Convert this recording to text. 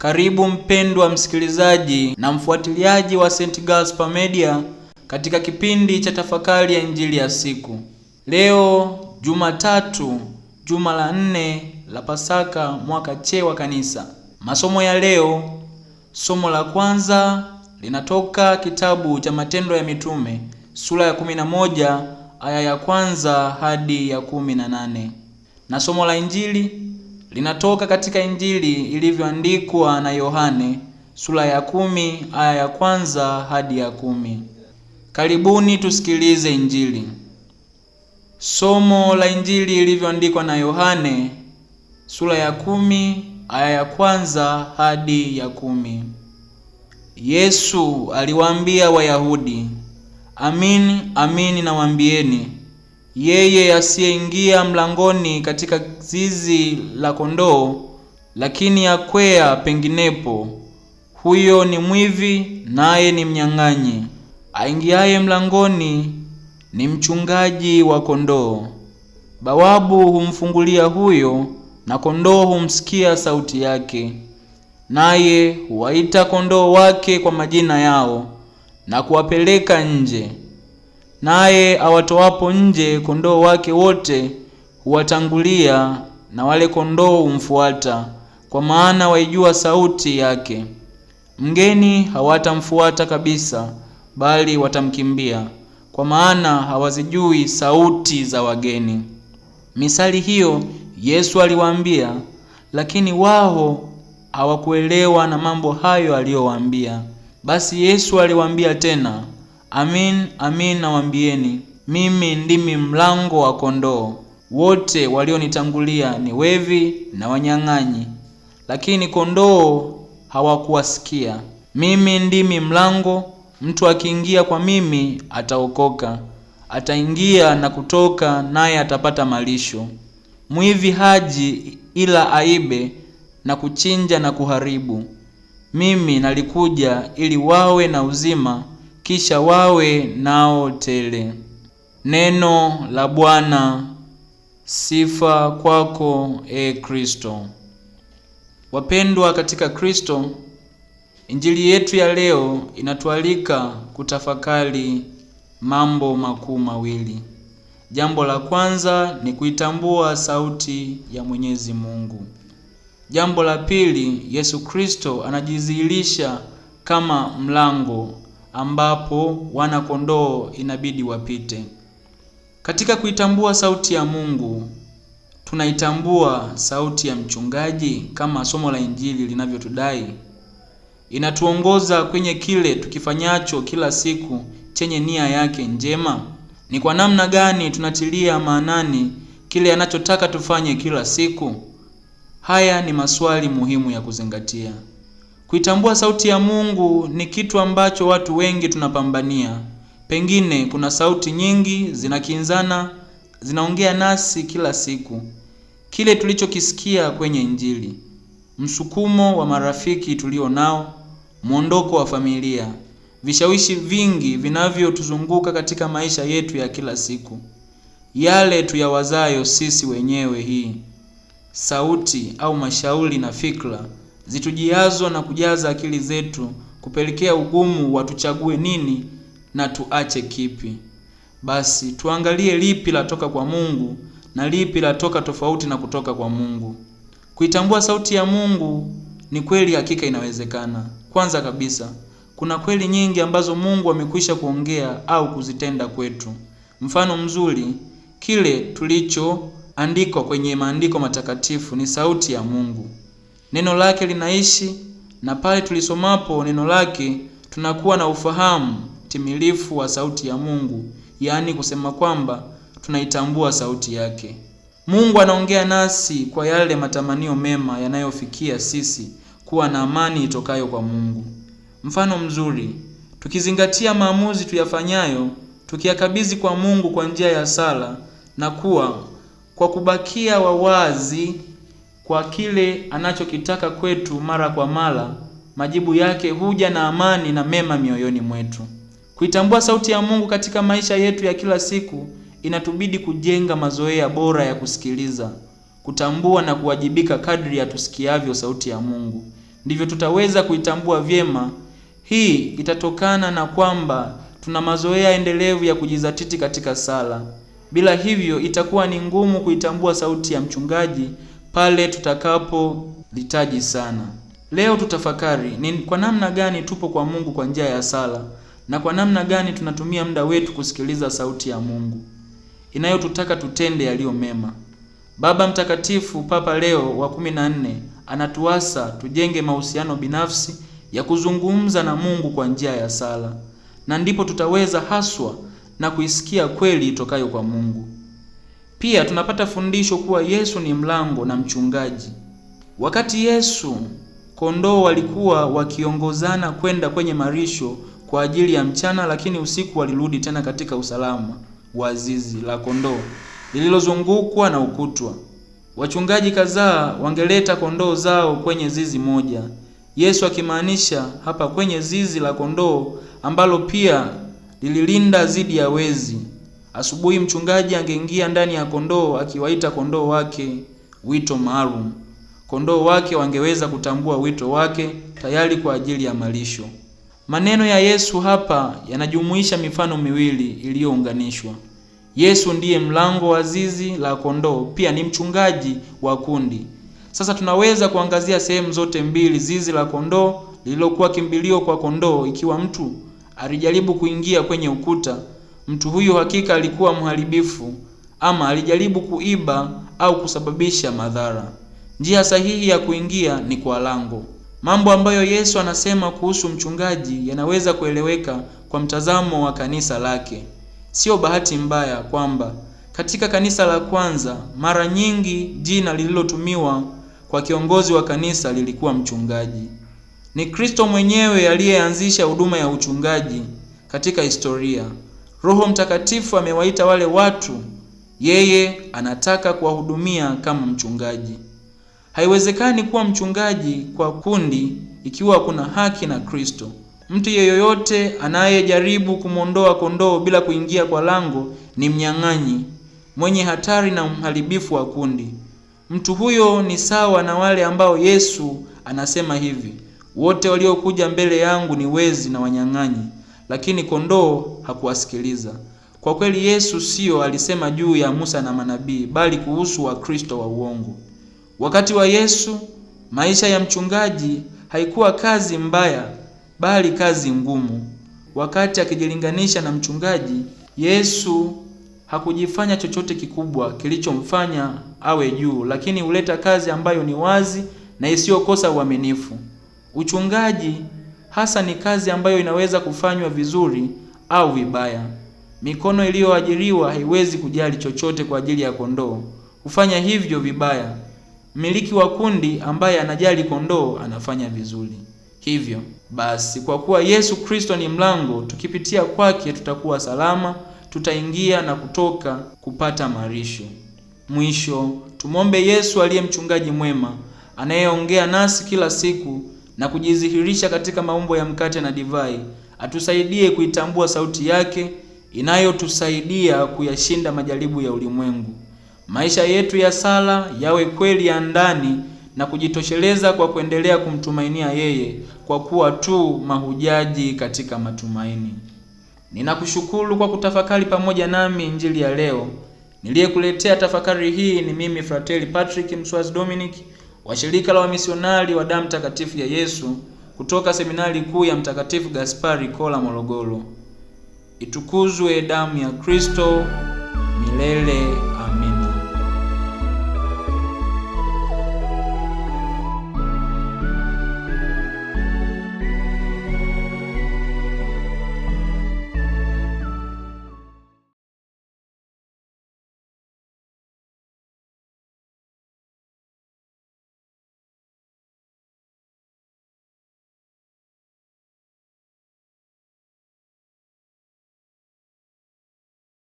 Karibu mpendwa msikilizaji na mfuatiliaji wa St. Gaspar Media katika kipindi cha tafakari ya injili ya siku. Leo Jumatatu, juma la nne la Pasaka mwaka C wa Kanisa. Masomo ya leo, somo la kwanza linatoka kitabu cha Matendo ya Mitume sura ya 11 aya ya kwanza hadi ya 18 na somo la injili linatoka katika Injili ilivyoandikwa na Yohane sura ya kumi aya ya kwanza hadi ya kumi. Karibuni tusikilize Injili. Somo la Injili ilivyoandikwa na Yohane sura ya kumi aya ya kwanza hadi ya kumi. Yesu aliwaambia Wayahudi, amini amini nawaambieni yeye asiyeingia mlangoni katika zizi la kondoo, lakini akwea penginepo, huyo ni mwivi naye ni mnyang'anyi. Aingiaye mlangoni ni mchungaji wa kondoo. Bawabu humfungulia huyo, na kondoo humsikia sauti yake, naye huwaita kondoo wake kwa majina yao na kuwapeleka nje naye awatoapo nje kondoo wake wote huwatangulia, na wale kondoo humfuata, kwa maana waijua sauti yake. Mgeni hawatamfuata kabisa, bali watamkimbia, kwa maana hawazijui sauti za wageni. Misali hiyo Yesu aliwaambia, lakini wao hawakuelewa na mambo hayo aliyowaambia. Basi Yesu aliwaambia tena Amin, amin nawaambieni, mimi ndimi mlango wa kondoo. Wote walionitangulia ni wevi na wanyang'anyi, lakini kondoo hawakuwasikia. Mimi ndimi mlango, mtu akiingia kwa mimi ataokoka, ataingia na kutoka, naye atapata malisho. Mwivi haji ila aibe na kuchinja na kuharibu. Mimi nalikuja ili wawe na uzima kisha wawe nao tele. Neno la Bwana. Sifa kwako e Kristo. Wapendwa katika Kristo, injili yetu ya leo inatualika kutafakari mambo makuu mawili. Jambo la kwanza ni kuitambua sauti ya Mwenyezi Mungu. Jambo la pili, Yesu Kristo anajidhihirisha kama mlango ambapo wanakondoo inabidi wapite. Katika kuitambua sauti ya Mungu, tunaitambua sauti ya mchungaji kama somo la Injili linavyotudai. Inatuongoza kwenye kile tukifanyacho kila siku chenye nia yake njema. Ni kwa namna gani tunatilia maanani kile anachotaka tufanye kila siku? Haya ni maswali muhimu ya kuzingatia. Kuitambua sauti ya Mungu ni kitu ambacho watu wengi tunapambania. Pengine kuna sauti nyingi zinakinzana, zinaongea nasi kila siku. Kile tulichokisikia kwenye Injili, msukumo wa marafiki tulio nao, mwondoko wa familia, vishawishi vingi vinavyotuzunguka katika maisha yetu ya kila siku, yale tuyawazayo sisi wenyewe. Hii sauti au mashauri na fikra zitujiazwa na kujaza akili zetu kupelekea ugumu wa tuchague nini na tuache kipi. Basi tuangalie lipi latoka kwa Mungu na lipi latoka tofauti na kutoka kwa Mungu. Kuitambua sauti ya Mungu ni kweli, hakika inawezekana. Kwanza kabisa, kuna kweli nyingi ambazo Mungu amekwisha kuongea au kuzitenda kwetu. Mfano mzuri kile tulichoandikwa kwenye maandiko matakatifu ni sauti ya Mungu neno lake linaishi, na pale tulisomapo neno lake tunakuwa na ufahamu timilifu wa sauti ya Mungu, yaani kusema kwamba tunaitambua sauti yake. Mungu anaongea nasi kwa yale matamanio mema yanayofikia sisi kuwa na amani itokayo kwa Mungu. Mfano mzuri, tukizingatia maamuzi tuyafanyayo, tukiyakabidhi kwa Mungu kwa njia ya sala na kuwa kwa kubakia wawazi kwa kile anachokitaka kwetu mara kwa mara, majibu yake huja na amani na mema mioyoni mwetu. Kuitambua sauti ya Mungu katika maisha yetu ya kila siku inatubidi kujenga mazoea bora ya kusikiliza, kutambua na kuwajibika. Kadri ya tusikiavyo sauti ya Mungu, ndivyo tutaweza kuitambua vyema. Hii itatokana na kwamba tuna mazoea endelevu ya kujizatiti katika sala. Bila hivyo, itakuwa ni ngumu kuitambua sauti ya mchungaji pale tutakapolitaji sana. Leo tutafakari ni kwa namna gani tupo kwa Mungu kwa njia ya sala na kwa namna gani tunatumia muda wetu kusikiliza sauti ya Mungu inayotutaka tutende yaliyo mema. Baba Mtakatifu Papa Leo wa kumi na nne anatuasa tujenge mahusiano binafsi ya kuzungumza na Mungu kwa njia ya sala, na ndipo tutaweza haswa na kuisikia kweli itokayo kwa Mungu. Pia tunapata fundisho kuwa Yesu ni mlango na mchungaji. Wakati Yesu kondoo walikuwa wakiongozana kwenda kwenye marisho kwa ajili ya mchana, lakini usiku walirudi tena katika usalama wa zizi la kondoo lililozungukwa na ukutwa. Wachungaji kadhaa wangeleta kondoo zao kwenye zizi moja, Yesu akimaanisha hapa kwenye zizi la kondoo ambalo pia lililinda dhidi ya wezi. Asubuhi mchungaji angeingia ndani ya kondoo akiwaita kondoo wake wito maalum. Kondoo wake wangeweza kutambua wito wake tayari kwa ajili ya malisho. Maneno ya Yesu hapa yanajumuisha mifano miwili iliyounganishwa. Yesu ndiye mlango wa zizi la kondoo, pia ni mchungaji wa kundi. Sasa tunaweza kuangazia sehemu zote mbili, zizi la kondoo lililokuwa kimbilio kwa kondoo, ikiwa mtu alijaribu kuingia kwenye ukuta mtu huyu hakika alikuwa mharibifu ama alijaribu kuiba au kusababisha madhara. Njia sahihi ya kuingia ni kwa lango. Mambo ambayo Yesu anasema kuhusu mchungaji yanaweza kueleweka kwa mtazamo wa kanisa lake. Sio bahati mbaya kwamba katika kanisa la kwanza mara nyingi jina lililotumiwa kwa kiongozi wa kanisa lilikuwa mchungaji. Ni Kristo mwenyewe aliyeanzisha huduma ya uchungaji katika historia. Roho Mtakatifu amewaita wale watu, yeye anataka kuwahudumia kama mchungaji. Haiwezekani kuwa mchungaji kwa kundi ikiwa kuna haki na Kristo. Mtu yeyote anayejaribu kumwondoa kondoo bila kuingia kwa lango ni mnyang'anyi, mwenye hatari na mharibifu wa kundi. Mtu huyo ni sawa na wale ambao Yesu anasema hivi, wote waliokuja mbele yangu ni wezi na wanyang'anyi lakini kondoo hakuwasikiliza. Kwa kweli Yesu sio alisema juu ya Musa na manabii, bali kuhusu Wakristo wa uongo. Wakati wa Yesu, maisha ya mchungaji haikuwa kazi mbaya, bali kazi ngumu. Wakati akijilinganisha na mchungaji, Yesu hakujifanya chochote kikubwa kilichomfanya awe juu, lakini huleta kazi ambayo ni wazi na isiyokosa uaminifu. Uchungaji Hasa ni kazi ambayo inaweza kufanywa vizuri au vibaya. Mikono iliyoajiriwa haiwezi kujali chochote kwa ajili ya kondoo, hufanya hivyo vibaya. Mmiliki wa kundi ambaye anajali kondoo anafanya vizuri. Hivyo basi, kwa kuwa Yesu Kristo ni mlango, tukipitia kwake tutakuwa salama, tutaingia na kutoka kupata marisho. Mwisho tumwombe Yesu aliye mchungaji mwema, anayeongea nasi kila siku na kujidhihirisha katika maumbo ya mkate na divai. Atusaidie kuitambua sauti yake inayotusaidia kuyashinda majaribu ya ulimwengu. Maisha yetu ya sala yawe kweli ya ndani na kujitosheleza kwa kuendelea kumtumainia yeye, kwa kuwa tu mahujaji katika matumaini. Ninakushukuru kwa kutafakari pamoja nami injili ya leo. Niliyekuletea tafakari hii ni mimi Frateli Patrick Mswazi Dominic wa shirika la wamisionari wa damu takatifu ya Yesu kutoka seminari kuu ya Mtakatifu Gaspari Kola Morogoro. Itukuzwe damu ya Kristo milele!